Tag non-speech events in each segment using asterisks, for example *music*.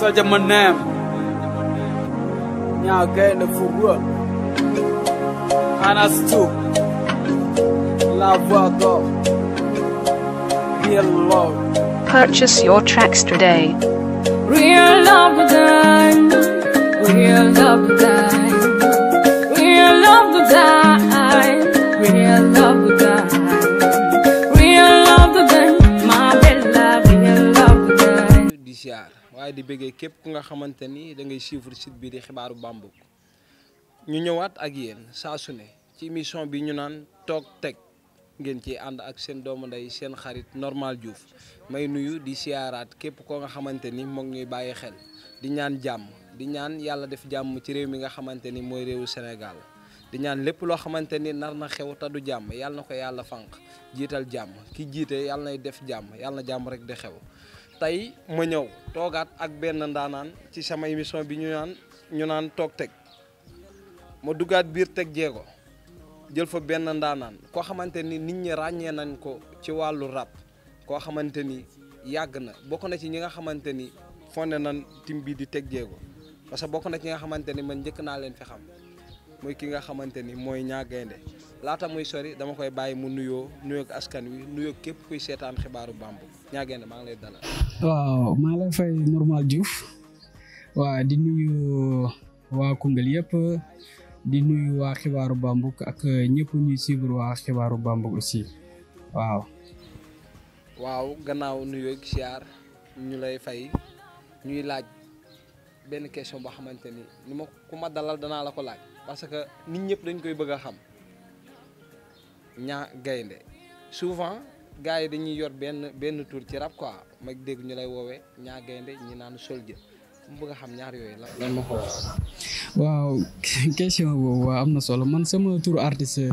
sa jama neem ñaa gaynde fuga anas tuub la voix d'or real love purchase your tracks today waaye di bëggee képp ku nga xamante ni da ngay suivre site bi di xibaaru Bambouk ñu ñëwaat ak yéen saa su ne ci émission bi ñu naan toog teg ngeen ci ànd ak seen doomu ndey seen xarit Normal Diouf may nuyu di siyaaraat képp ko nga xamante ni moom ñuy bàyyi xel di ñaan jàmm di ñaan yàlla def jàmm ci réew mi nga xamante ni mooy réewu Sénégal di ñaan lépp loo xamante ni nar na xew te du jàmm yàlla na ko yàlla fànq jiital jàmm ki jiite yàlla nay def jàmm yàlla na jàmm rek di xew tey ma ñëw toogaat ak benn ndaanaan ci sama émission bi ñu naan ñu naan toog teg ma duggaat biir teg jéego jël fa benn ndaanaan koo xamante ni nit ñi ràññee nañ ko ci wàllu rap koo xamante ni yàgg na bokk na ci ñi nga xamante ni fonde nan tim bii di teg jéego parce que bokk na ci nga xamante ni man njëkk naa leen fi xam muy ki nga xamante ni mooy Niang Gaindé laata muy sori dama koy bàyyi mu nuyoo nuyoo askan wi nuyoo képp kuy seetaan xibaaru bamb Niang Gaindé maa ngi lay dalal. waaw maa ngi fay normal Diouf waa di nuyu waa Koungheul yëpp di nuyu waa xibaaru Bambuk ak ñëpp ñuy suivre waa xibaaru Bambuk aussi waaw. waaw gannaaw nuyoo siyaar ñu lay fay ñuy laaj benn question boo xamante ni ni ma ku ma dalal danaa la ko laaj parce que nit ñëpp dañ koy bëgg a xam ñaa gaynde gars yi dañuy yor benn benn tur ci rab quoi mag dégg ñu lay woowee ñaa gaynde ñi naan soldier mu bëgg a xam ñaar yooyu la lan ma ko waaw question boobu waaw am na solo man sama tur artiste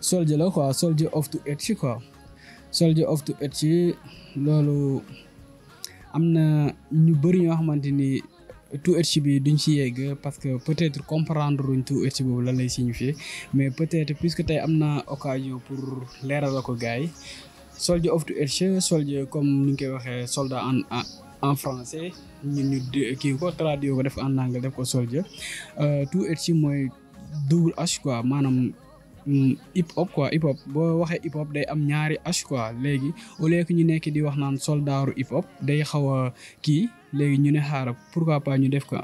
soldier la quoi soldier of to edge quoi soldier of to edge loolu am na ñu bëri ñoo xamante ni tout etch bi duñ ci yegg parce que peut-être comprendre luñ tout etch boobu lan lay signifier mais peut-être puisque tey am na occasion pour leeral la ko gars yi soldier of the earth soldier comme ni ñu koy waxee soldat en en français ñun kii ko traduire ko def en anglais def ko soldier euh, to earth mooy double H quoi maanaam. Mm, hip hop quoi hip hop boo waxee hip hop day am ñaari H quoi léegi au lieu que ñu nekk di wax naan soldaaru hip hop day xaw a kii léegi ñu ne xaaral pourquoi pas ñu def ko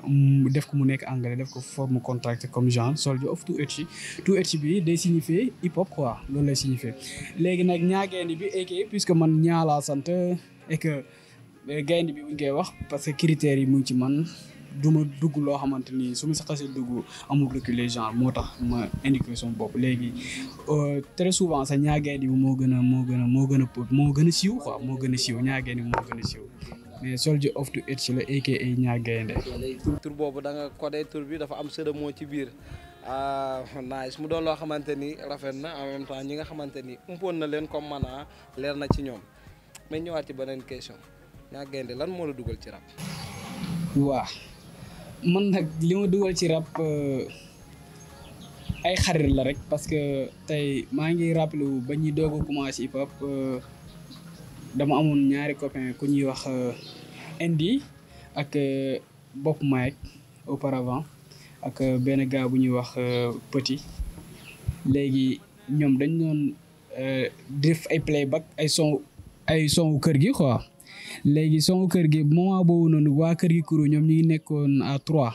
def ko mu nekk anglais def ko forme contracte comme genre soldier of two etchi two etchi bi day signifier i hop quoi loolu lay signifier léegi nag ñaa ñaageeni bi aka que man ñaalaa sant et que eh, gaynde bi buñ koy wax parce que critères yi mu ngi ci man du ma dugg loo xamante ni su ma si xasee dugg amul reculer genre moo tax ma indiqué sama bopp léegi euh, très souvent sax ñaa gaynde bi moo gën a moo gën a moo gën a moo gën a moo gën a siiw ñaa gaynde bi moo mais Souldier of the Edge la aka Niang Gaindé tur boobu danga nga codé tur bi dafa am sëda moo ci biir ah nice mu doon loo xamante ni rafet na en même ñi nga xamante ni umpoon na leen comme mana leer na ci ñoom mais ñëwaat ci beneen question Niang Gaindé lan moo la dugal ci rap waa man nag li ma dugal ci rap euh, ay xarit la rek parce que tey maa ngi rappelu ba ñuy doog a commencé hip dama amoon ñaari copain ku ñuy wax Indi euh, ak euh, Bopp Mike auparavant ak euh, benn gars bu ñuy wax Petit léegi ñoom dañ doon def ay playback ay son ay sonu kër gi quoi léegi sonu kër gi moment boobu noonu waa kër gi kuru ñoom ñu ngi nekkoon à trois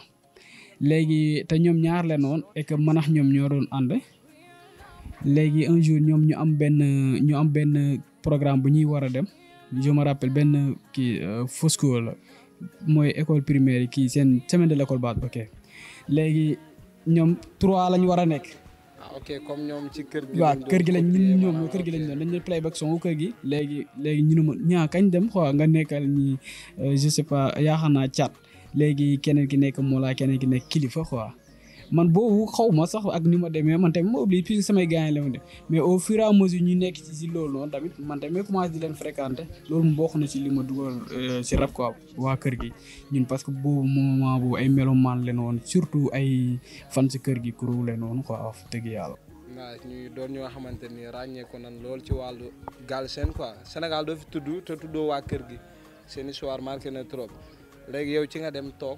léegi te ñoom ñaar leen woon et que manax ñoom ñoo doon ànd léegi un jour ñoom ñu am benn ñu am benn programme bu ñuy war a dem je me rappelle benn kii euh, Fosco la mooy école primaire yi kii seen semaine de lécole école baat ok léegi ñoom trois lañ war a nekk. ah comme ñoom ci kër gi. waaw kër gi lañ ñoom kër gi lañ doon dañ ne play back kër gi. léegi léegi ñu ne ma ñaa kañ dem xaw nga nekkal ñi euh, je sais pas yaakaar naa caat léegi keneen ki nekk moo laa keneen ki nekk kilifa quoi. man boobu xaw ma sax ak ni ma demee man tamit ma obligé puisque samay gars yi la ma dem mais au fur et à mesure ñu nekk ci si lool noonu tamit man tamit commencé di leen fréquenter loolu mu bokk na ci li ma dugal si euh, rab quoi waa kër gi ñun parce que boobu moment boobu ay melomaan leen woon surtout ay fan si kër gi kuréel leen woon quoi wax yàlla. waaw ñuy doon ñoo xamante ni ràññeeku nan lool ci wàllu Galsen quoi Sénégal doo fi tudd te tuddoo waa kër gi seen histoire marqué na trop léegi yow ci nga dem toog.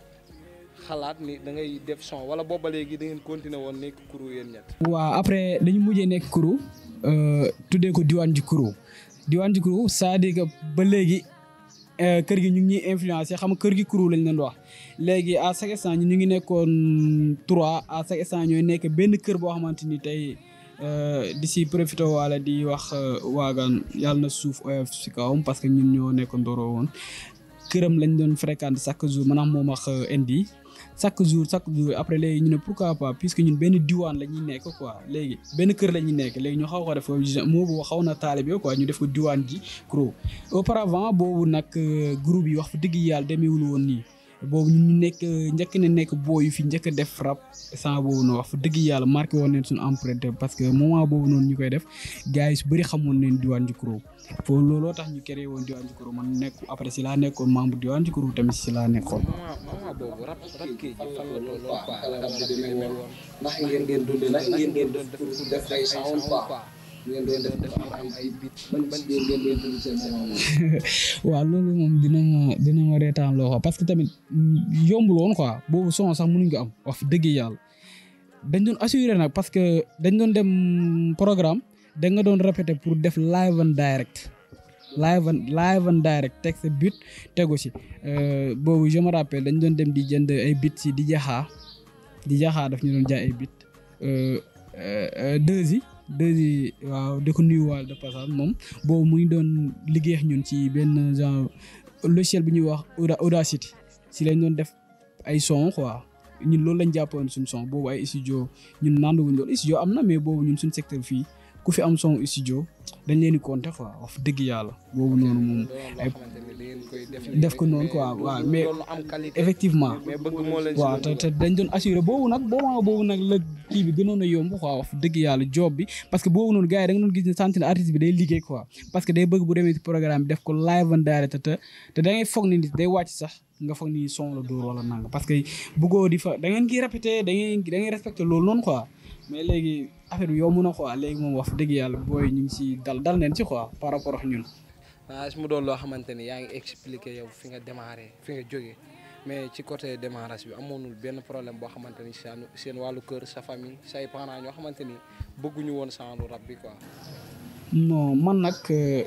xalaat ni da ngay def son wala booba léegi da ngeen continuer woon nekk kuru yéen ñett. waaw après dañu mujjee nekk kuru euh, tuddee ko diwaan ji kuru diwaan ji kuru cest ba léegi euh, kër gi ñu ngi ñuy influencé xam nga kër gi kuru lañ leen wax léegi à chaque instant ñu ngi nekkoon trois à chaque instant ñooy nekk benn kër boo xamante ni tey. Euh, di si profité wala di wax waagaan yàlla na suuf oyof si kawam parce que ñun ñoo nekk ndoroo woon këram lañ doon fréquente chaque jour maanaam moom ak indi chaque jour chaque jour après léegi ñu ne pourquoi pas puisque ñu benn diwaan la ñuy nekk quoi léegi benn kër la nekk léegi ñu xaw ko def moo boobu xaw na taalibe bi quoi ñu def ko diwaan ji CROO auparavant boobu nag euh, groupe yi wax fa dëgg yàlla demeewul woon nii boobu ñu nekk njëkk na nekk boo yu fi njëkk def rap sans boobu noonu wax fa dëgg yàlla marqué woon nañ suñu empreinte parce que moom moment boobu noonu ñu koy def gars yi su bëri xamoon nañ Diwaan Jukuro foofu looloo tax ñu créé woon Diwaan Jukuro man nekk après si laa nekkoon membre Diwaan Jukuro tamit si laa nekkoon. la loolu quoi. ndax ngeen ngeen dundee ndax ngeen ngeen *laughs* waaw loolu moom dina ma dina ma reetaan parce que tamit yomb woon quoi boobu son sax mënuñ ko am wax dëgg yàlla dañ doon assurer nag parce que dañ doon dem programme da nga doon répété pour def live and direct live and live and direct teg sa but tegu si euh, boobu je me rappelle dañ doon dem di jënd ay bit si di jaxaa di jaxaa daf ñu doon jaay ay bit euh, euh, deux 2S waaw di ko nuyuwaale de passage moom boobu muy doon liggéey ñun ci benn genre logiciel bu ñuy wax Audacity si lañ doon def ay son quoi ñun loolu lañ jàppoon suñ son boobu ay studio ñun nanduwuñ loolu studio am na mais boobu ñun suñ secteur fii. ku fi am son studio dañ leen di ko noonu quoi waaw mais effectivement. waaw te te dañ doon assuré boobu nag boobu boobu nag la kii bi gënoon a yomb quoi wax dëgg yàlla job bi parce que boobu noonu gars yi da gis ne sant na bi day liggéey quoi parce que day bëgg bu demee programme bi ko live and direct te te da ngay foog ni day wàcc sax. nga foog ni son la dóor wala nanga parce que bëggoo fa da ngeen ki répété da ngeen loolu noonu ko affaire bi yomb na quoi léegi moom wax dëgg yàlla booy ñu ngi si dal dal neen ci quoi par rapport ak ñun. ah mu doon loo xamante ni yaa ngi expliqué yow fi nga démarré fi nga jógee mais ci côté démarage bi amoon amoonul benn problème boo xamante ni seen seen wàllu kër sa famille say parents ñoo xamante ni bëgguñu woon saalu rab bi quoi. man nag euh,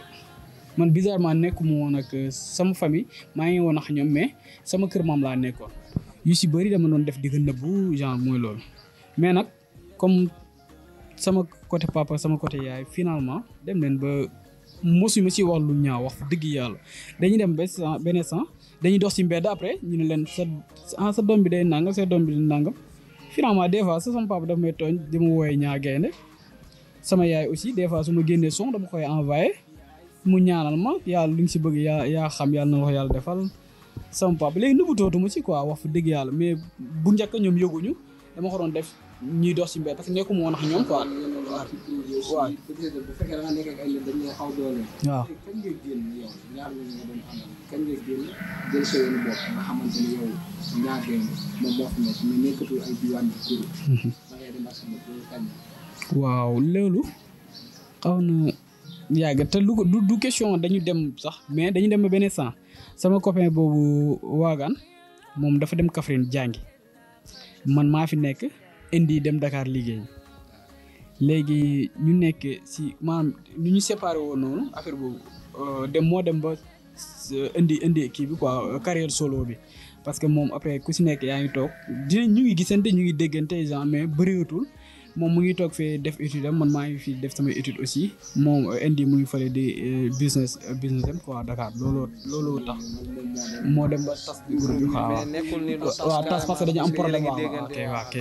man bizarrement nekkuma woon ak euh, sama famille maa ngi woon ak ñoom mais sama kër maam laa nekkoon yu si bëri dama doon def di nëbbu genre mooy loolu mais sama côté papa sama côté yaay finalement dem leen ba mosuma ci wax lu ñaaw wax dëgg yàlla dañuy dem ba sans benn sans dañuy dox ci mbedd après ñu ne leen sa ah sa bi day nangam sa doom bi day nangam finalement des fois sa sama papa dafa di ma wooyee ñaa gaynde sama yaay aussi des fois su ma génnee son dama koy envoyé mu ñaanal ma yàlla li nga ci bëgg yaa yaa xam yàlla na wax yàlla defal sama papa léegi nëbbu tootu ma ci quoi wax dëgg yàlla mais bu njëkk ñoom yëguñu dama ko doon def. ñuy dox ci mbéy parce que nekkuma woon ak ñoom quoi. waaw. waaw. waaw loolu xaw na yàgg te lu ko du question dañu dem sax mais dañu dem ba benn sens sama copain boobu waagaan moom dafa dem Kaffrine jàngi man maa fi nekk. indi dem Dakar liggéey léegi ñu nekk si maanaam nu ñu séparé woon noonu affaire boobu euh, dem moo dem ba euh, indi indi kii bi quoi euh, carrière solo bi parce que moom après ku si nekk yaa ngi toog dinañ ñu ngi gisante ñu ngi déggante genre mais bëriwatul moom mu ngi toog fee def étude am man maa ngi fi def samay étude aussi moom indi euh, mu ngi fële di euh, business euh, business am quoi Dakar looloo looloo tax moo dem ba tas bi groupe bi quoi waaw dañu am problème waaw ok waaw ok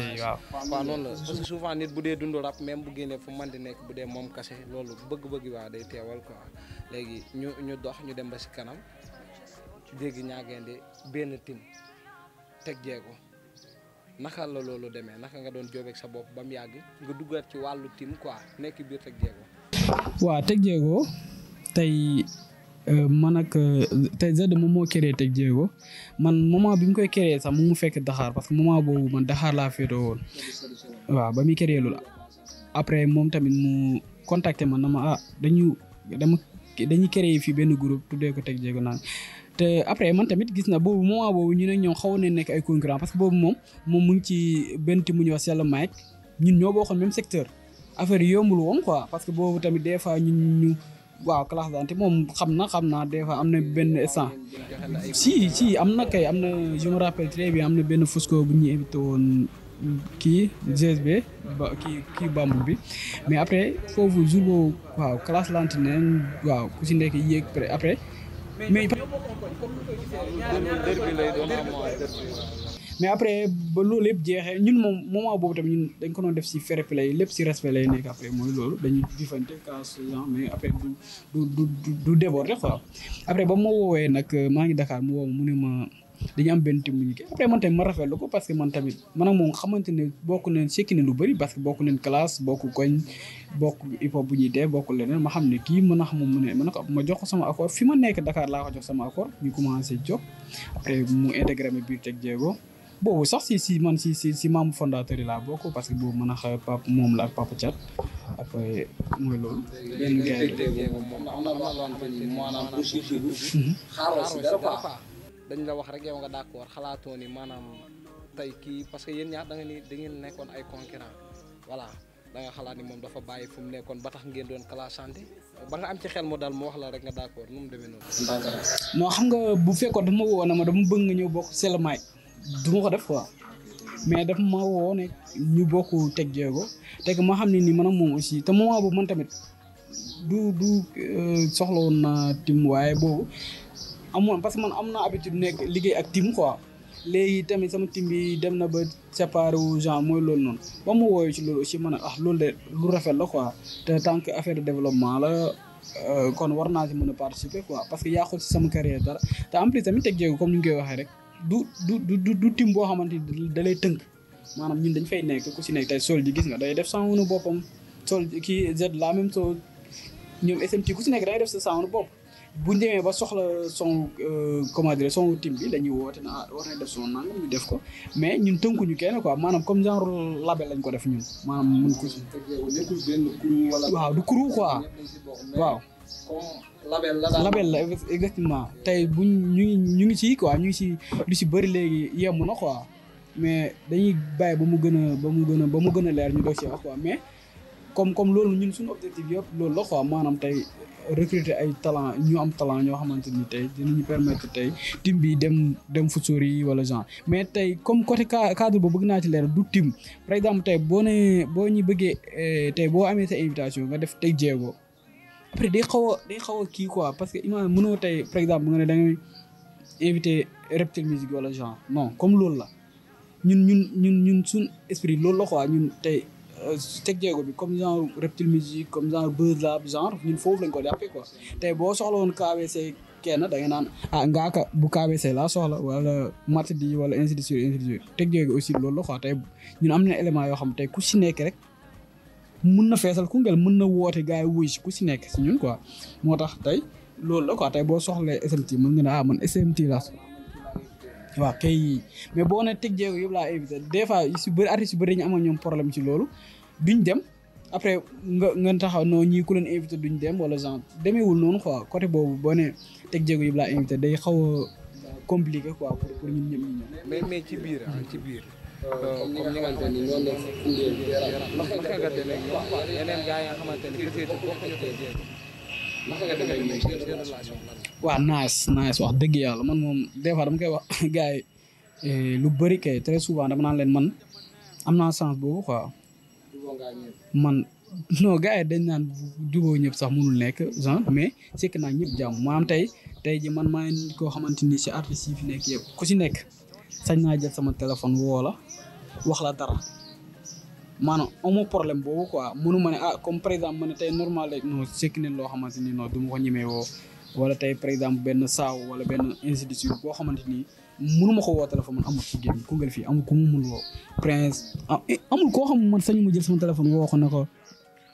waaw. nit bu dee dund rap même bu génnee fu man di nekk bu dee moom kase loolu bëgg-bëgg waa day teewal quoi léegi ñu ñu dox ñu dem ba si kanam dégg ñaageen benn tim teg jeego naka la loolu demee naka nga doon jóobeeg sa bopp ba mu yàgg nga duggaat ci wàllu tim quoi nekk biir Tek Diego. waaw Tek Diego tey euh, man ak euh, tey Zed moom moo créé Tek Diego man moment bi mu koy créé sax mu fekk Dakar parce que moment boobu man daxaar laa féetoo woon waaw ba muy créé loolu après moom tamit mu contacté man na ma ah dañu dama dañuy créé fii benn groupe tuddee ko teg Diego naa te après man tamit gis na boobu moment boobu ñu ne ñoom xawoon nañ nekk ay concurrent parce que boobu moom moom mu ngi ci benn team mu ñuy wax Sella Mike ñun ñoo bokkoon même secteur affaire yi yombul woon quoi parce que boobu tamit des fois ñun ñu waaw classe daante moom xam na xam naa des fois am na benn instant si si am na kay am na je me rappelle am na benn fusco bu ñu invité woon kii GSB kii kii bi mais après foofu jour boobu waaw neen waaw ku si nekk yéeg après mais mais après ba loolu yëpp jeexee ñun moom moment boobu tamit ñun dañ ko doon def si fair play lépp si respect lay nekk après mooy loolu dañuy jëfante cas mais après du du du du déborder quoi après ba ma woowee nag euh, maa ngi Dakar mu woo mu ne ma. dañu am benn team bu après man tamit ma rafetlu ko parce que man tamit man ak moom xamante ne bokk nañ sekki ne lu bëri parce que bokk nañ classe bokk koñ bokk hip hop bu ñuy dee bokk leneen ma xam ne kii mën a xam moom mu ne ma ko ma jox ko sama accord fi ma nekk Dakar laa ko jox sama accord ñu commencé jóg après mu intégré ma biir Tek boobu sax si si man si si si membre fondateur yi laa bokk parce que boobu mën a xaw papa moom la ak papa Thiat après mooy loolu. benn gars yi moom dañ la wax rek yow nga d'accord xalaatoo ni maanaam tey kii parce que yéen ñaar da ni da ngeen nekkoon ay concurrent voilà da nga xalaat ni moom dafa bàyyi fu mu nekkoon ba tax ngeen doon classante ba nga am ci xel mu daal mu la rek nga d'accord nu mu demee xam nga bu fekkoon dafa ma woo na ma bëgg nga ñëw bokk Selemaay du ma ko def quoi mais dafa ma woo ne ñu bokk teg jéego te ma xam ne nii man ak moom aussi te moment boobu man tamit du du euh, soxla woon naa tim waaye boobu. amoon parce que man am naa habitude nekk liggéey ak team quoi léegi tamit sama team bi dem na ba séparé wu genre mooy loolu noonu ba mu woowee ci loolu aussi man a ah loolu de lu rafet la quoi te tant que affaire développement la euh, kon war naa ci mën a participer quoi parce que yàqul ci sama carrière dara te en plus tamit teg jéego comme ni nga koy waxee rek du du du du team boo xamante ni da lay tënk maanaam ñun dañ fay nekk ku ci nekk tey sol ji gis nga day def sangunu boppam sol kii Z la même chose ñoom SMT ku ci nekk day def sa sangunu bu ñu demee ba soxla son euh, comment dire son team bi dañuy woote na ah, war nañ def son nangam ñu def ko mais ñun tënkuñu kenn quoi maanaam comme genre label lañ ko def ñun maanaam mun ko si. nekkul benn crew wala. waaw du waaw. label la label la exactement tey ñu ngi ñu ngi ci quoi ñu ngi si lu ci bëri léegi yem na ko mais dañuy bàyyi ba mu gën a ba mu gën a ba mu gën a leer ñu doog ci wax quoi mais. comme comme loolu ñun suñu objectif yëpp loolu la quoi maanaam tey recruter ay talent ñu am talent ñoo xamante ni tey dinañu permettre tey tim bi dem dem fu sori wala genre mais tey comme côté cadre boobu bëgg naa ci leer du tim par exemple tey boo nee boo ñu bëggee eh, boo amee sa invitation nga def tey jéego après day xaw day xaw a kii quoi parce que imagine mënoo tey par exemple nga ne da ngay invité Reptile wala genre non comme loolu la ñun ñun suñ esprit loolu la quoi ñun tey. Euh, teg jéego bi comme genre Reptile Music comme genre Buzz genre ñun foofu lañ ko jàppee quoi tey boo soxla woon KBC kenn da nga naan ah ngaaka bu KBC laa soxla wala mat di wala ainsi de teg jéego aussi loolu la quoi tey ñun am na élément yoo xam tey ku si nekk rek mun na feesal Koungheul mun na woote gars yi wuy ku si nekk si ñun quoi moo tax tey loolu la quoi tey boo soxlee SMT mën nga ne ah man SMT laa waaw kay mais boo ne teg jéego yëpp laa éviter des fois si bëri artistes yu bëri ñu amoon ñoom problème ci loolu duñ dem après nga nga taxaw noo ñii ku leen invité duñ dem wala genre demeewul noonu quoi côté boobu boo nee Tek Djeko Yëpp laa invité day xaw a compliqué quoi pour pour ci biir ah, ci biir. Euh, comme ni nga wax dëgg yàlla man moom des fois dama koy wax *laughs* gars eh, lu bari kay très souvent dama naan leen man am naa chance boobu quoi. man non ga yi dañ naan juboo ñëpp sax mënul nekk genre mais sekk naa ñëpp jàmm maanaam tey tey ji man maa ngi koo xamante ni si artistes yi fi nekk yëpp ku si nekk sañ naa jël sama téléphone woo la wax la dara maanaam amoo problème boobu quoi munu ma ne ah comme par exemple ma ne tey normal rek non sekk nañ loo xamante ni non du ma ko ñemee woo wala tey par exemple benn saaw wala benn institut boo xamante ni. mënuma ko woo téléphone man amul ku fii amul ku mu mun woo prince ah, eh, amul koo xam man sañu ma jël sama téléphone woo ko ne ko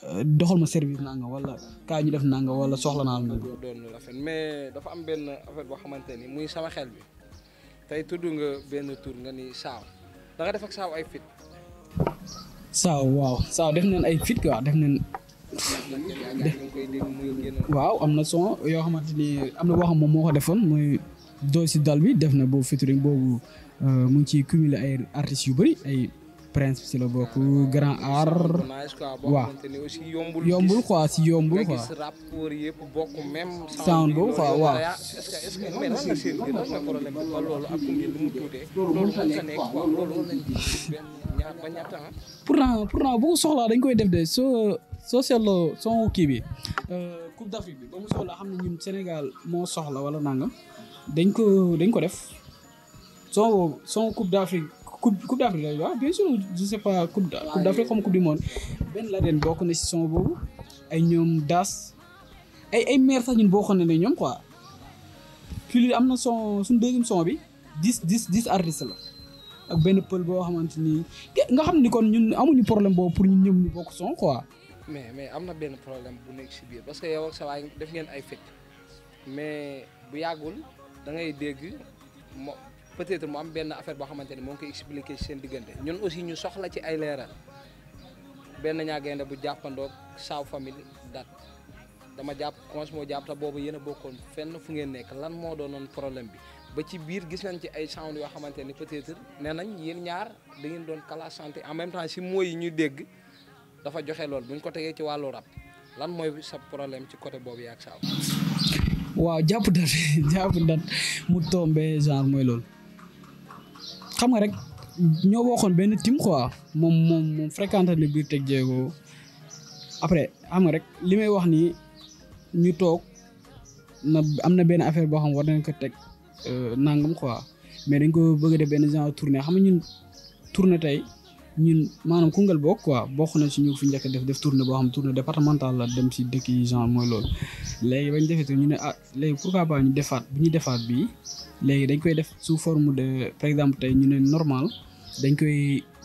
euh, doxal ma service naa nga kaa ñu def naa wala soxla naa la. doon rafet mais dafa am benn affaire boo xamante ni muy sama xel bi tey tudd nga benn tur nga ni saaw da nga def ak saaw ay fit. saaw waaw saaw def neen ay fit def neen. waaw am na son yoo xamante ni am na boo xam moom moo ko defoon muy. doo si dal bi def na boobu featuring boobu euh, mu ngi ciy cumuler ay artistes yu bëri ay prince si la bokk grand art yombul quoi si yombul quoi sound boobu quoi waaw pourtant pourtant bu ko soxlaa dañ koy def de soo soo seetloo son kii bi euh, Coupe d'Afrique soxla wala nangam dañ ko dañ ko def son son coupe d'Afrique coupe coupe d'Afrique bi waaw bien sûr je sais pas coupe d'Afrique comme coupe du monde Ben Laden bokk na ci son boobu ay ñoom daas ay ay maire sax ñun bokkoon na ne ñoom quoi fii am na son suñu deuxième son bi dix dix dix artistes la ak benn pël boo xamante ni nga xam ni kon ñun amuñu problème boobu pour ñun ñëw ñu bokk son quoi. mais mais am na benn problème bu nekk ci biir parce que yow ak def ngeen ay fête mais bu yàggul. da ngay dégg moo peut-être mu am benn affaire boo xamante ni moo ngi koy expliquer ci seen diggante ñun aussi ñu soxla ci ay leeral benn ñaa gaynde bu jàppandoog saaw famille dat dama jàpp cong moo jàpp te boobu yéen a bokkoon fenn fu ngeen nekk lan moo doonoon problème bi ba ci biir gis nañ ci ay sound yoo xamante ni peut-être nee nañ yéen ñaar da ngeen doon kala santé en même temps si mooy yi ñuy dégg dafa joxe loolu bu ñu ko tegee ci wàllu rab lan mooy sa problème ci côté boobu yaag saaw waaw jàpp dat jàpp dat mu tombé genre mooy loolu xam nga rek ñoo waxoon benn team quoi moom moom moom fréquenté na biir teg jéego après xam nga rek li may wax nii ñu toog na am na benn affaire boo xam war nañ ko teg euh, nangam quoi mais dañ ko bëgg a def benn genre tournée xam ñu ñun tournée tey. ñun maanaam Koungheul bokk quoi bokk na si ñu fi njëkk def def tournée boo xam tournée départementale la dem si dëkk yi genre mooy loolu léegi bañ defee te ñu ne ah léegi pourquoi defaat bu ñu defaat bii léegi dañ koy def sous forme de par exemple tey ñu ne normal dañ koy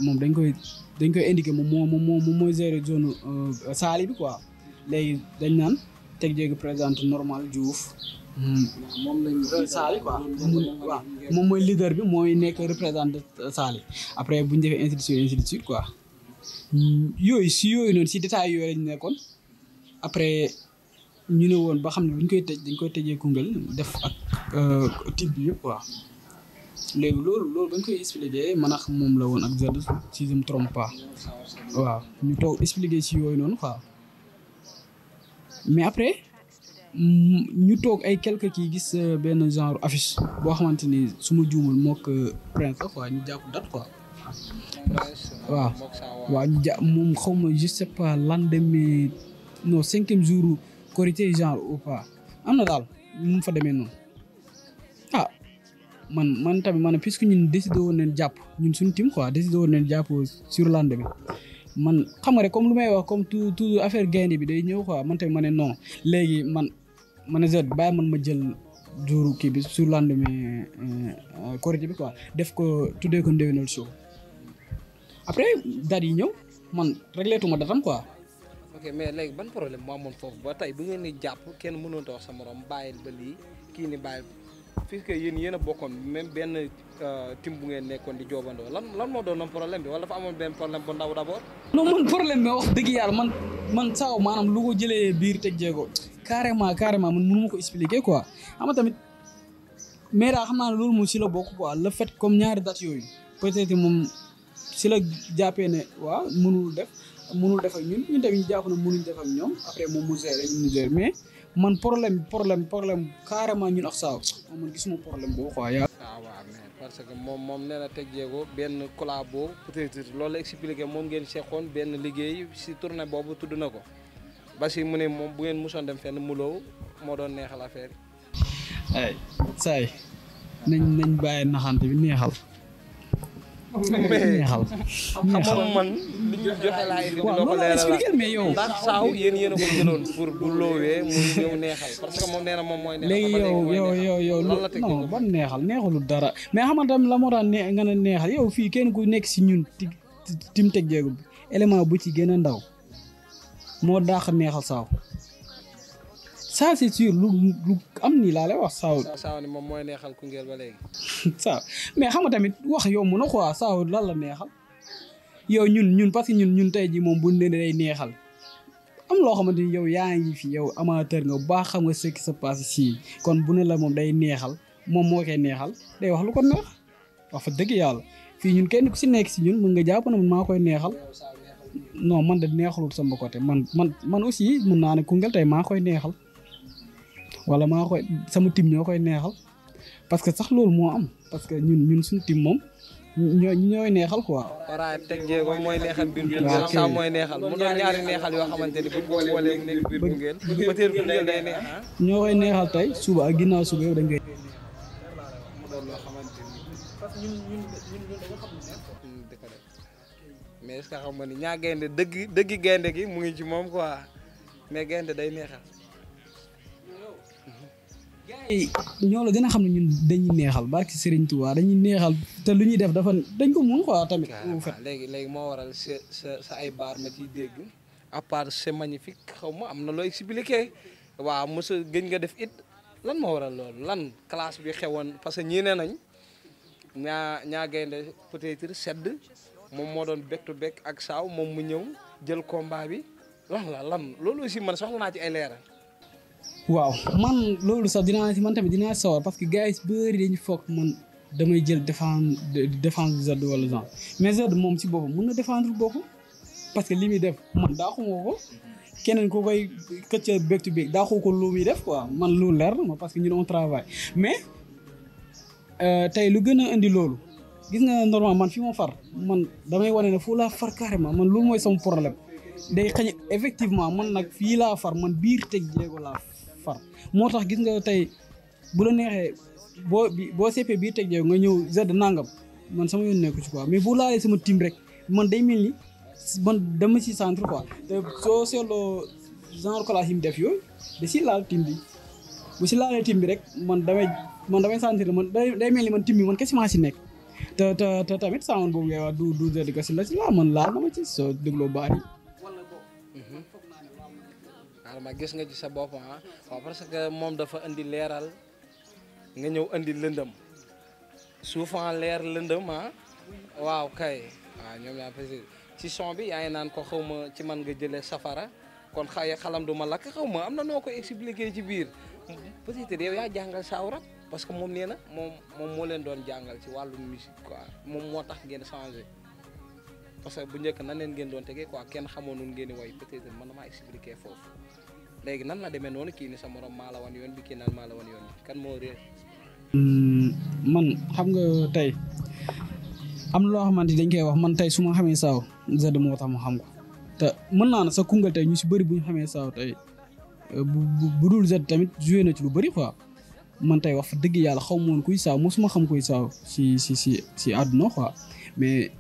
moom dañ koy dañ koy indiqué moom moo moom moom mooy gérer zone euh, saali bi quoi léegi dañ naan teg jéegi présidente normal Diouf moom lañ Saly quoi waaw moom mooy leader bi mooy nekk représentant Saly après bu ñu defee ainsi de suite ainsi de suite yooyu si yooyu noonu si détails yooyu lañ nekkoon après ñu ne woon ba xam ne bu ñu koy tëj dañ koy tëjee Koungheul def ak euh, type bi yëpp quoi léegi loolu loolu dañ koy expliqué man moom la woon ak Zed si je me trompe waaw ñu toog expliqué si yooyu noonu quoi mais après. Mm, ñu toog ay quelques kii gis euh, benn genre affice boo xamante ni su ma mook euh, prince quoi ñu jàpp date quoi. waaw waaw moom xaw ma je sais pas lendemain non cinquième jour korité genre ou pas am na daal fa demee noonu ah, man man tamit man puisque ñun décidé woon nañ jàpp ñun suñ tim quoi décidé woon nañ jàpp sur lendemain man xam nga rek comme lu may wax comme tout tout affaire gaynde bi day ñëw ko man tamit ma ne non léegi manager bàyyi man ma jël jur kii bi sur lendemain korité euh, euh, bi quoi def ko tuddee ko ndéwénal show après daal yi ñëw man réglé tuma datam quoi. ok mais léegi ban problème moo amoon foofu ba tey bu ngeen di jàpp kenn mënoon ta wax sa morom bàyyil ba lii kii ni bàyyil puisque yéen yéen a bokkoon même benn euh, tim bu ngeen nekkoon di joobandoo lan lan moo doonoon problème bi wala dafa amoon benn problème bu ndaw d'abord. non man problème bi wax dëgg yàlla man man saaw maanaam lu ko jëlee biir te jéego carrément carrément man mënu ma ko expliquer quoi ama tamit mais daa xam naa ne loolu moom si la bokk quoi le fait comme ñaari date yooyu peut-être moom si la jàppee ne waaw mënul def mënul defal ak ñun ñun tamit ñu jàpp ne mënuñ ñoom après moom mu gérer ñu mu gérer mais man problème problème problème carrément ñun ak saaw man gisuma problème boobu quoi yaa. parce que moom moom nee na Tek benn collabo peut-être loolu la expliqué moom ngeen seqoon benn liggéey si tournée boobu tudd na ko Basi mu ne moom bu ngeen musoon dem fenn muloo moo doon neexal affaire yi. ay saay nañ nañ bàyyi naxante bi neexal. neexal xam nga man a ko jëloon pour bu loowee moom mooy neexal léegi yow yow yow yow non ban neexal neexalul dara mais xamante ne la moo tax ne nga ne neexal yow fii kenn ku nekk si ñun tim teg jéego bi bu ci gën a ndaw moo daax neexal saaw ça c'est sûr lu am nii laa lay wax Saaw. Saaw moom mooy neexal Koungheul ba léegi. *laughs* Saaw mais xam nga tamit wax yow mu mun a quoi Saaw lan la neexal yow ñun ñun parce que ñun ñun tey jii moom bu ne day neexal am loo xamante ni yow yaa ngi fi yow amateur nga bu baax xam nga ce qui se passe kon bu ne la moom day neexal moom moo koy neexal day wax lu ko neex wax dëgg yàlla fii ñun kenn ku si nekk si ñun mën nga jàpp ne man maa koy neexal. non man de neexalul sama côté man man man aussi mun naa ne Koungheul tey maa koy neexal. wala maa koy sama tim ñoo koy neexal parce que sax loolu moo am parce que ñun ñun suñu tim moom ñoo ñooy neexal quoi. waraay teg mooy neexal biir bu ngeen. mooy neexal mu doon ñaari neexal yoo xamante ni bu ko boolee nekk biir bu ngeen. peut-être bu ngeen neex. Ah. ñoo tey suba ak ginnaaw suba yow dañ koy. mais est-ce que xam nga ni ñaa gaynde dëgg dëgg gaynde gi mu ngi ci moom quoi mais gaynde day neexal. ñoo la gën a xam ne ñun dañuy neexal barki Serigne waa dañuy neexal te lu ñuy def dafa dañ ko mun quoi tamit. léegi léegi moo waral sa sa ay baar ma ciy dégg à part magnifique xaw ma am na loo expliqué waaw mos a gëj nga def it lan moo waral loolu lan classe bi xewoon parce que ñii nee nañ ñaa ñaa gaynde peut-être sedd moom moo doon back to back ak saaw moom mu ñëw jël combat bi lan la lan loolu aussi man soxla naa ci ay leera waaw man loolu sax dinaa si man tamit dinaa sawar parce que gars yi bëri dañu foog man damay jël défense défense Zed wala genre mais Zed moom si boppam mun na défendre boppam parce que li muy def man daaxuma ko keneen ku koy këcc beeg tu daaxu ko lu muy def quoi man lu leer ma parce que ñu doon travail mais euh, tey lu gën a indi loolu gis nga normal man fi ma far man damay wane ne foo laa far carrément man loolu mooy sama problème day xañ effectivement man nag fii laa far man biir teg jéego laa far moo tax gis nga tey bu la neexee boo boo CP bii teg yow nga ñëw Z nangam man sama yoon nekku ci quoi mais bu laalee sama team rek man day mel ni man dama ci centre quoi te soo seetloo genre mu def yooyu da si laal team bi bu si laalee bi rek man damay man damay sentir man day mel ni man team bi man kese si nekk. te te te tamit sama boobu ngay wax du du Z kese la si laa man laa na ma ci soo dégloo baari xaaral gis nga ci sa bopp ah waaw parce que moom dafa indi leeral nga ñëw indi lëndëm souvent leer lëndëm ah waaw kay waaw ñoom yaa précis ci son bi yaa ngi naan ko xaw ma ci man nga jëlee safara kon xay xalam du ma lakk xaw ma am na noo ko expliqué ci biir peut-être yaa jàngal saaw rap parce que moom nee na moom moom moo leen doon jàngal ci wàllu musique quoi moom moo tax ngeen changé parce que bu njëkk na leen ngeen doon tegee quoi kenn xamoon nu ngeen di woy peut-être man damaa expliqué foofu. léegi nan la demee noonu kii ni sa morom maa la wan yoon bi kii naan maa la wan yoon bi kan moo réer. Mm, man xam nga tey am na loo xamante dañ koy wax man tey su ma xamee saaw Z moo tax mu xam ko te mën naa ne sa Koungheul tey ñu si bëri bu ñu xamee saaw tey euh, bu bu dul Z tamit joué na ci lu bëri quoi man tey wax dëgg yàlla xaw ma woon kuy saaw suma xam koy saaw si si si si àdduna mais.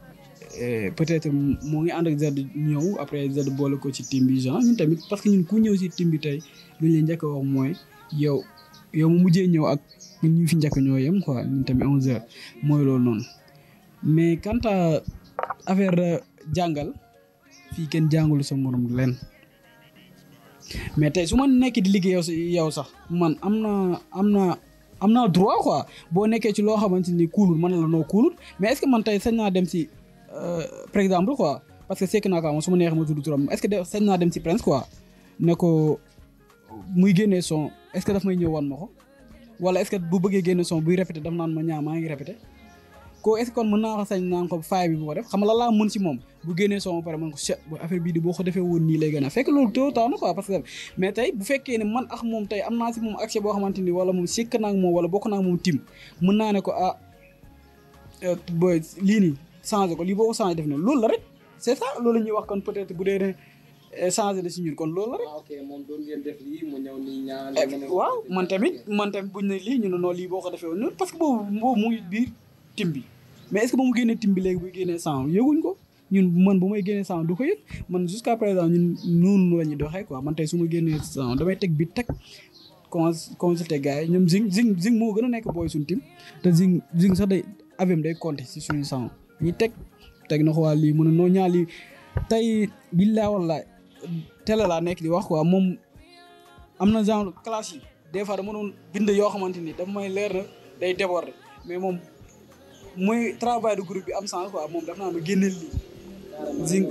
Euh, peut-être moo ngi ànd ak Zed ñëw après Zed boole ko ci team bi ñun tamit parce que ñun ku ñëw ci team bi tey lu ñu leen njëkk wax mooy yow yow mu mujjee ñëw ak ñun ñu fi njëkk ñoo yem ko ñun tamit onze heures mooy loolu noonu mais quant à affaire jàngal fii kenn jàngul sa morom leen mais tey su man nekkee di liggéey yow sax man am na am na am naa droit quoi boo nekkee ci loo xamante ni kuulul man la noo kuulul mais est man tey sañ naa dem si Euh, par exemple quoi parce que sekk naa ko moom su ma neexee ma tudd turam est ce que dem ci prince quoi ne ko muy génnee son est ce que daf may ñëw wan ma ko wala est ce que bu bëggee génne son buy répété daf naan ma ñaa maa ngi répété ko est ce que naa ko sañ naan ko faay bi bu ko def xam nga lan laa mën ci moom bu génnee son ba pare man ko chet bu affaire bii di boo ko defee woon nii lay gën a fekk loolu too tax na parce que mais tey bu fekkee ne man ak moom tey am naa ci moom accès boo xamante ni wala moom sekk naa ak moom wala bokk naa ak moom tim mën naa ne ko ah euh, boy lii nii changé ko lii boo ko changé def na loolu la rek c'est ça loolu la ñuy wax kon peut-être bu dee ne eh, changé na si ñun kon loolu la rek. Ah, moom doon ngeen def lii mu ñëw nii ñaar. Eh, waaw man tamit man tamit buñ ne lii ñu ne non lii boo ko defee woon parce que boobu boobu mu ngi biir tim bi mais est-ce que ba mu génnee tim bi léegi bu génnee sang yëguñ ko. ñun man bu may génnee son du ko yëg man jusqu'à présent ñun noonu la ñuy doxee quoi man tey su ma génnee son damay teg bi teg consulté gars yi ñoom zing zing zing moo gën a nekk booy suñu tim te zing zing sax day avem day compter si son ñu teg teg na ko waa lii mu ne noo ñaa lii tey billaay wallaay télé laa nekk di wax quoi moom am na genre classe yi des fois dama bind yoo xamante ni dafa may leer na day déborder mais moom mooy travail de groupe bi am sens quoi moom daf naa ma génneel lii. zing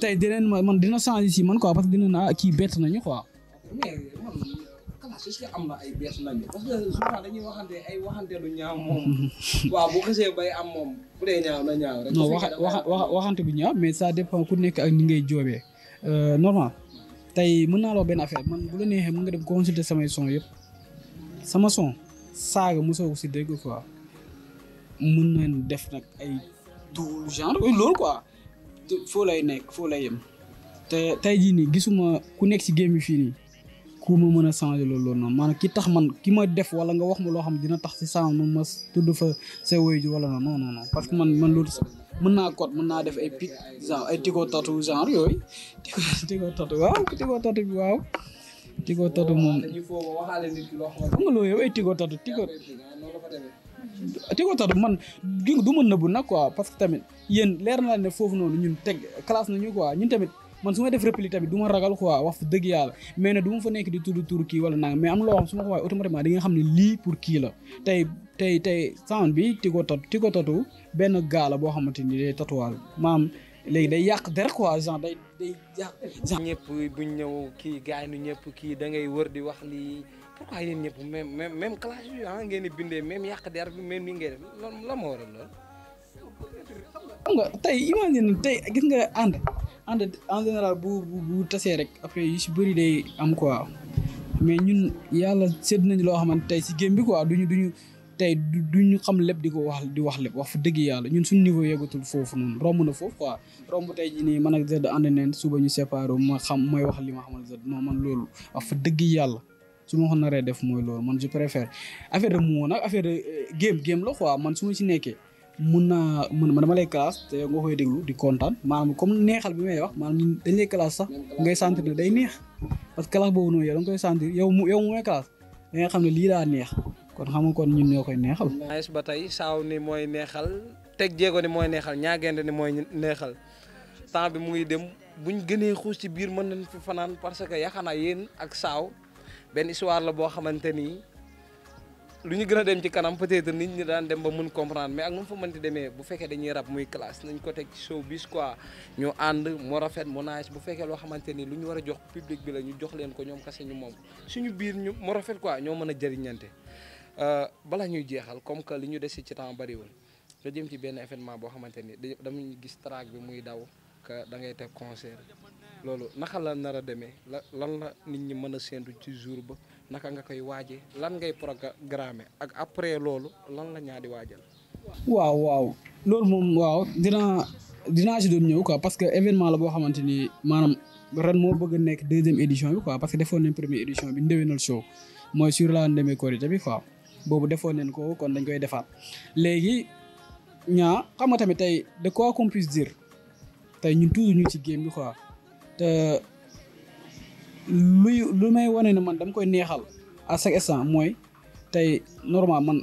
tey dinañ ma man dina change si man quoi parce que dina naa kii bett nañu quoi. su est-ce am na ay bees nañu parce que souvent dañuy waxante ay waxante lu ñaaw moom. *laughs* waaw bu xasee bay am moom bu dee ñaaw na ñaaw rek. non waxante bu ñaaw mais ça dépend ku nekk ak ni ngay joobee euh, normal tey mën naa loo benn affaire man bu la neexee mën nga dem consulter samay son yëpp sama son saaga mosoo ko si dégg quoi mën nañ def nag ay tout genre loolu quoi foo lay nekk foo lay yem te tey jii nii gisuma ku nekk si gémmi fii nii. ku ma mën a changer loolu noonu maanaam ki tax man ki ma wala nga wax ma loo xam dina tax si sa woy ji wala non non parce que man man loolu mën naa code mën naa def ay pic genre ay tigo tatu genre yooyu *laughs* tigo tigo tatu waaw tigo tatu bi waaw. tigo tatu moom xam nga loolu ay tigo tatu tigo tigo tatu man du ma nëbbu nag quoi parce que tamit yéen leer na ne foofu noonu ñun teg classe nañu quoi ñun tamit. man su may def repli tamit du ma ragal quoi wax fa dëgg yàlla mais ne duma fa nekk di tudd tur kii wala nang mais am loo xam su ma ko waxee automatiquement di nga xam ne lii pour kii la tey tey tey sound bi Tigo Tatou Tigo Tatou benn gaa la boo xamante ni day tatuwaal maam léegi day yàq der quoi genre day day yàq. ñëpp buñ ñëw kii gars yi ñëpp kii da ngay wër di wax lii pourquoi ñëpp même même même classe ah ngeen di bindee même yàq der bi même ni ngeen def la ma waral lool. xam nga tey imagine tey gis nga ànd. en en général bu bu tasee rek après yu si bëri day am quoi mais ñun yàlla sedd nañ loo xamante tey si game bi quoi duñu duñu tey duñu xam lépp di ko wax di wax lépp wax dëgg yàlla ñun suñu niveau foofu noonu na foofu quoi romb tey man ak Zed ànd neen suba ñu séparé xam mooy wax li ma xamal Zed non man loolu wax fa dëgg yàlla su ma ko naree def mooy loolu man je préfère affaire de moo nag affaire de euh, game game la quoi man su ma si nekkee. mun naa mun ma dama lay classe te nga koy déglu di kontaan maanaam comme neexal bi may wax maanaam dañ lay classe sax ngay sentir ne day neex parce que classe boobu noonu yow da koy sentir yow mu yow mu may classe da xam ne lii daa neex kon xam nga kon ñun ñoo koy neexal. nice ba tey saaw ni mooy neexal teg jéego ni mooy neexal ñaagende ni mooy neexal temps bi mu ngi dem buñ gënee xuus ci biir mën nañ fi fanaan parce que yaakaar naa yéen ak saaw benn histoire la boo xamante ni. lu ñu gën a dem ci kanam peut nit ñi daan dem ba mun comprendre mais ak nu mu fa mënti demee bu fekkee dañuy rab muy classe nañ ko teg ci showbiz quoi ñu ànd mu rafet mu naaj bu fekkee loo xamante ni lu ñu war a jox publique bi la ñu jox leen ko ñoom kese ñu moom suñu biir ñu mu rafet quoi ñoo mën a jëriñante euh, bala ñuy jeexal comme que li ñu desee ci temps bariwul nga jëm ci benn événement boo xamante ni dañuy gis track bi muy daw que da ngay teg concert loolu naka la nar a demee la lan la nit ñi mën a séentu ci jour ba. naka nga koy waaje lan ngay programme ak après loolu lan la ñaari di waajal. waaw waaw loolu moom waaw dinaa dinaa si doon ñëw quoi parce que événement la boo xamante ni maanaam ren moo bëgg nekk deuxième édition bi quoi parce que defoon nañ première édition bi ndéwénal show mooy sur la ndeme korité bi quoi boobu defoon nañ ko kon dañ koy defaat léegi xam nga tamit tey de quoi qu'on puisse dire tey ñun toujours ñu ci game bi quoi luy lu may wane na man dama koy neexal à chaque instant mooy tey normal man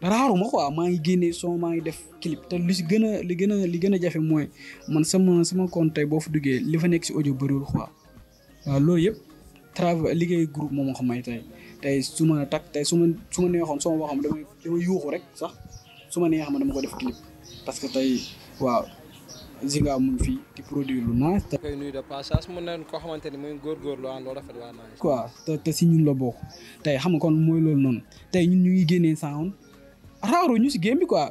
raaruma ko maa ngi génnee son maa ngi def clip te lu si gën a li gën a li gën a jafe mooy man sama sama compte tey boo fa duggee li fa nekk si audio bëriwul quoi waaw loolu yëpp travail liggéey groupe moom moo ko may tey tey su ma takk tey su ma su neexoon sama boo xam damay damay yuuxu rek sax su ma ma dama ko def clip parce que tey waaw. Zinga mu ngi fi di produire lu nice. koy nuyu de passage mën nañu koo xamante ni muy góorgóorlu ah loolu rafet waa nice. quoi te si ñun la bokk tey xam nga kon mooy loolu noonu tey ñun ñu ngi génnee sound raaru ñu si game bi quoi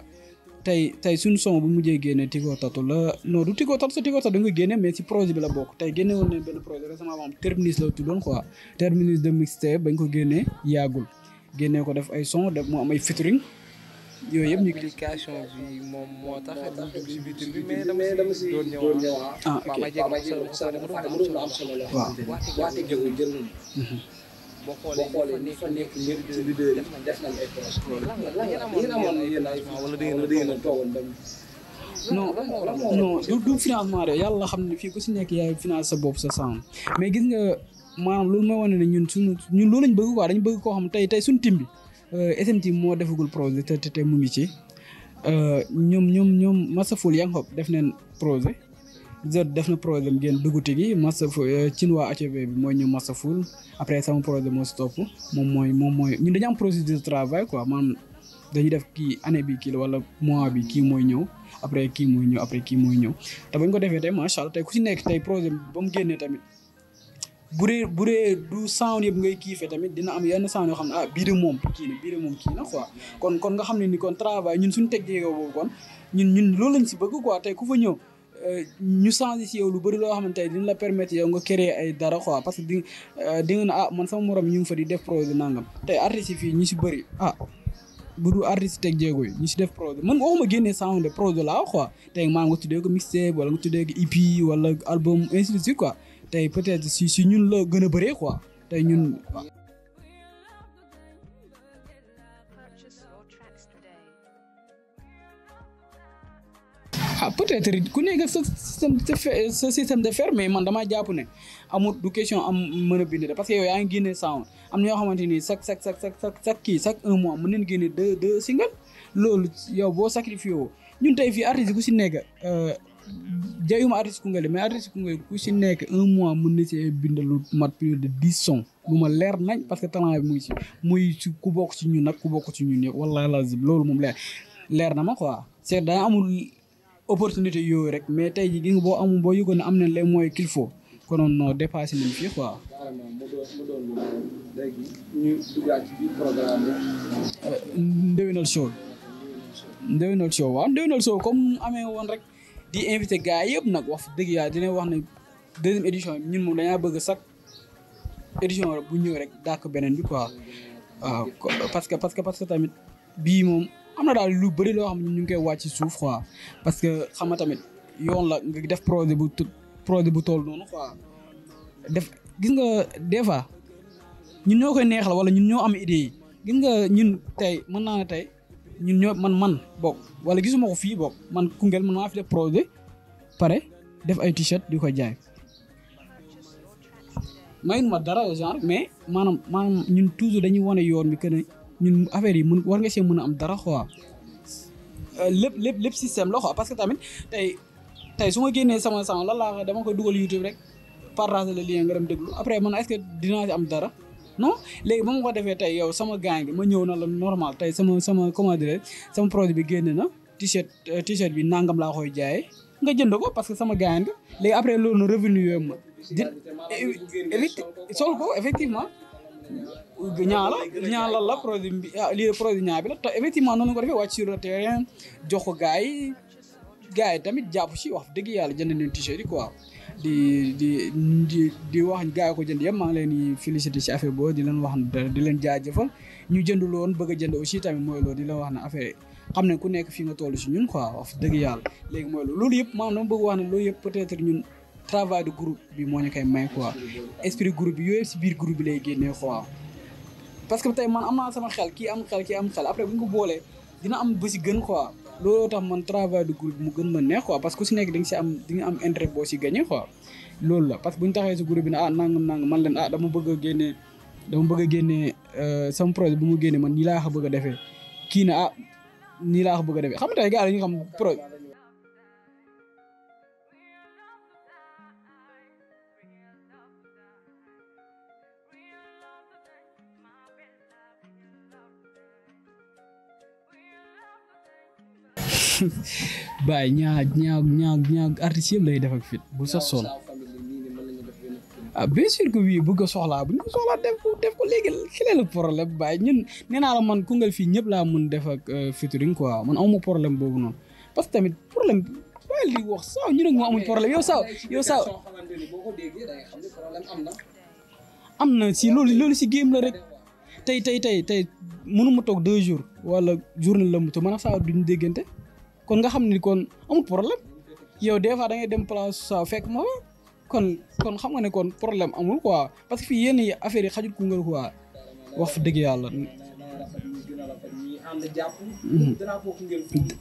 tey tey suñu son bu mujjee génne Tigo Tatou la non du Tigo Tatou sa Tigo Tatou da nga génne mais si projet bi la bokk tey génne woon nañ benn projet récemment moom terminus la tuddoon quoi terminus de mixtape bañ ko génnee yàggul génne ko def ay son def mu am ay featuring yooyu yëpp négligation bi moom moo tax ñu dugg si bitim bi mais dama si doon ñëw ah ok waaw mhm. boo xoolee nekk nekk ñëpp ci leader yi def nañ ay projet yéen amoon na yéen ay da a da ngeen a toogoon dem non non du du financement de yàlla xam ne fii ku si nekk yaay finance sa bopp sa sound mais gis nga maanaam loolu mooy wane ne ñun suñu ñun loolu lañ bëgg quoi dañ bëgg koo xam tey tey suñu tim bi Euh, SMT moo defagul projet te te te mu ngi ci euh, ñoom ñoom ñoom Massafoul Yankob def neen projet Zod def na projet mu génn duguti gi Massafoul euh, Chinua Achebe bi mooy ñu Massafoul après sama projet moo si topp moom mooy moom mooy ñun dañu am procédure de travail quoi maanaam dañuy def kii année bi kii la wala mois bi ki mooy ñëw après kii mooy ñëw après kii mooy ñëw te bañ ko defee tey macha tey ku ci nekk tey projet ba mu génnee tamit. bu dee bu dee du sound yëpp ngay kiifee tamit dina am yenn sound yoo xam ne ah bii moom kii na bii moom kii na quoi kon kon nga xam ne ni kon travail ñun suñu teg jéego boobu kon ñun ñun loolu lañ si bëgg quoi tey ku fa ñëw euh, ñu changé si yow lu bëri loo xamante ne dina la permettre yow nga créer ay dara quoi parce que di euh, di nga ne ah man sama morom ñu ngi fa di def projet nangam tey artistes fii ñu si bëri ah bu du artiste teg jéego yi ñu si def projet man waxuma génnee sound de projet laa quoi tey nga tuddee ko mixtape wala nga tuddee ko EP wala album ainsi de quoi tey peut-être si si ñun la gën a bëree quoi tey ñun. ah peut-être ku nekk sa système de sa de faire mais man dama jàpp ne amul du question am mën a bind parce que yow yaa ngi génne sound am na yoo xamante ni chaque chaque chaque kii chaque un mois mën nañu génne deux single loolu yow boo sacrifié woo ñun tey fii artistes ku si nekk euh, jaayuma artiste Koungheul mais artiste Koungheul ku si nekk un mois mën na see bind lu mat plus de dix son lu ma leer nañ parce que talent bi muy si muy si ku bokk ci ñun nag ku bokk ci ñun yëpp wallaahi lazim loolu moom leer leer na ma quoi c'est daa amul opportunité yooyu rek mais tey jii gi nga boo amul boo yëgoon am na les mooy qu'il faut konoon non dépassé nañ fii quoi. Euh, ndewinal show ndewinal show waaw ndewinal show comme amee woon rek. di invité gars yëpp nag wax dëgg yàlla dina wax ne deuxième édition ñun moom dañaa bëgg sax édition bu ñëw rek dàq beneen bi quoi waaw parce que parce que parce que tamit bii moom am na daal lu bëri loo xam ne ñu ngi koy wàcc suuf quoi parce que xam nga tamit yoon la nga def projet bu projet bu tool noonu quoi def gis nga des fois ñun ñoo koy neexal wala ñun ñoo am idée yi nga ñun tey mën naa tey ñun ñoo man man bokk wala gisuma ko fii bokk man Koungheul man maa fi def projet pare def ay t-shirt di ko jaay. mayun ma dara genre mais maanaam maanaam ñun toujours dañuy wane yoon mi que ne ñun affaire yi mën war nga see mën am dara quoi euh, lépp lépp lépp système la quoi parce que tamit tey tey su ma génnee sama sama lan laa dama koy dugal YouTube rek partager le lien nga dem déglu après man est-ce si am dara. non léegi ba ma ko defee tey yow sama gang ma ñëw na la normal tey sama sama comment dire sama produit bi génn na t-shirt euh, bi nangam laa koy jaay nga jënd ko parce que sama gang nga léegi après loolu revenu yooyu ma di eh, sol ko effectivement ñaala ñaala la produit bi ah, lii produit bi la te effectivement noonu ko defee wàcc sur le terrain jox ko gars yi gars yi tamit jàpp ci wax dëgg yàlla jënd nañu t-shirt yi quoi di di di di wax gaa yi ko jënd yëpp maa ngi leen di féliciter ci affaire boobu di leen wax di leen jëfal ñu jëndul woon bëgg jënd aussi tamit mooy loolu di leen wax ne affaire xam ne ku nekk fii nga toll si ñun quoi wax dëgg yàlla léegi mooy loolu yëpp maanaam dama bëgg wax ne loolu yëpp peut-être ñun travail de bi moo ñu koy may quoi esprit groupe bi yooyu si biir group bi lay génnee quoi parce que tey man am naa sama xel kii am xel kii am xel après bi ñu ko boolee dina am ba si gën quoi looloo tax man travail de groupe mu gën ma neex quoi parce que si nekk di nga si am di nga am intérêt boo si gagné quoi loolu la parce que bu ñu taxee si groupe bi ne ah nangam nangam man leen ah dama bëgg a génne dama bëgg génne euh, sama projet bu mu génne man nii laa ko bëgg a defee kii na ah nii laa bëgg a defee xam nga tey gars yi xam projet *laughs* bàyyi ñaa ñaa ñaa ñaa artistes yëpp lay def ak fit bu sax sonn ah bien sûr que oui a soxlaa bu ñu soxlaa def ko def ko léegi xëy problème bàyyi ñun nee la man Koungheul fii ñëpp laa mun def ak euh, featuring quoi man amuma problème boobu noonu parce tamit problème bàyyi li wax saw ñu ne moo amuñ problème yow saw yow saw am na si loolu loolu si game la rek tey tey tey tey mënuma toog deux jours wala journée la mu mën a saa duñu déggante kon nga xam ni kon amul problème yow des fois da ngay dem place euh, fekk ma kon kon xam nga ne kon problème amul quoi parce que fii yenn yi affaire yi xajul Koungheul quoi wax fa dëgg yàlla. Mm-hmm.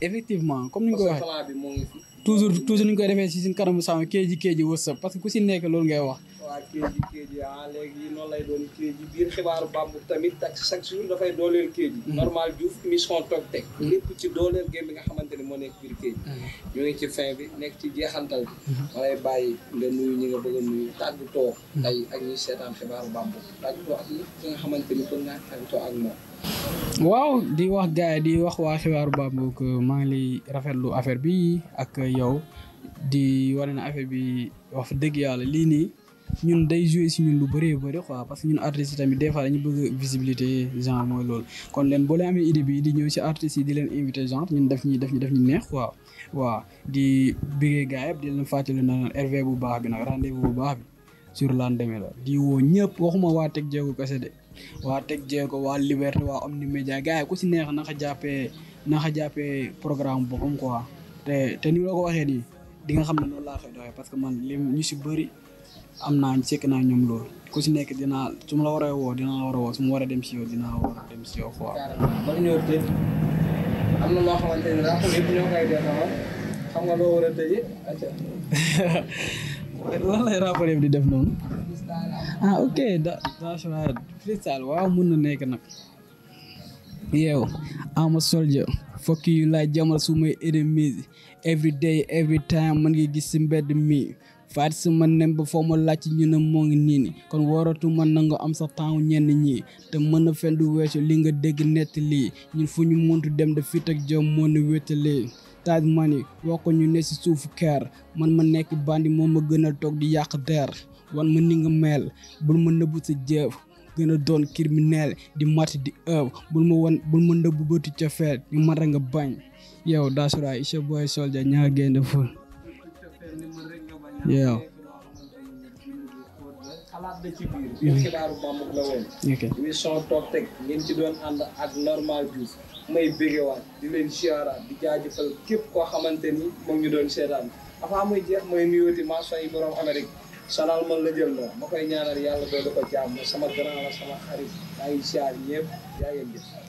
effectivement comme ni nga ko waxee toujours toujours ni ñu koy defee si suñ kanamu sama kéji kéji wërsëg parce que ku si nekk loolu ngay wax. waa Kéji Kéji ah léegi noonu lay doon Kéji biir xibaaru Bambouck tamit ak chaque jour dafay dooleel Kéji. Hmm. normal Diouf mission toog teg. Hmm. lépp ci dooleel game bi nga xamante ne moo nekk biir Kéji. Hmm. ñu ngi ci fin bi nekk ci jeexantal bi. ma lay bàyyi nga nuyu ñi nga ak ñuy seetaan xibaaru ki nga xamante ni bëgg di wax gars di wax waa xibaaru Bambouck maa ngi lay rafetlu affaire bi ak yow di wane na affaire bi wax dëgg yàlla lii nii. ñun day jouer si ñun lu bëree bëri quoi parce que ñun artistes yi tamit des fois dañu bëgg visibilité genre mooy loolu kon leen boo leen amee idée bi di ñëw si artistes yi di leen invité genre ñun def ñi def ñi ñu ñëpp waxuma waa teg jéego kese de waa teg jéego waa liberté waa omnimédia gars yi ku si neex naka jàppee naka jàppee programme boppam quoi te te ni ma la ko waxee nii di nga xam ne noonu laa koy doxee parce que man li ñu si bëri am naa sekk naa ñoom loolu ku si nekk dinaa su ma la war a woo dinaa la war a woo su ma war a dem si yow dinaa war a dem si yow quoi. am na loo xamante ne raaxul yëpp ñoo koy defal ah. xam nga loo war a tëjee. *laughs* lan lay rapport yëpp di def noonu. ah ok da daa su freestyle waaw mun na nekk nag. yow am a soldier fokk yu laay jamal su may ennemis every day every time man ngi gis si mbedd mi. Faris man nem ba foo ma laaj ñu ne moo ngi nii ni kon waratu man na nga am sa temps ñenn ñi te mën a fen du li nga dégg nett lii ñun fu ñu muntu dem da fit ak jom moo nu wéttalee taaj man yi wax ko ñu ne si suufu keer man ma nekk bandi moom gën a toog di yàq der wan ma ni nga mel bul ma nëbbu sa jëf gën a doon criminel di mat di ëpp bul ma wan bul ma nëbbu bëtu ca feet ñu mara nga bañ yow daasuraay sa boy soldier ñaa génn ful Yeah. xalaat da ci biir biir mm-hmm. émission toog teg ngeen ci doon ànd ak normal Diouf may bégewaat di leen siyaaraat di jaajëfal képp koo xamante ni moom ñu doon seetaan avant muy jeex mooy nuyooti mention yi borom Amérique salal man la jël la ma koy ñaanal yàlla doolu ko jàmm sama grand la sama xarit maa ngi siyaar ñëpp yaa ngeen jëf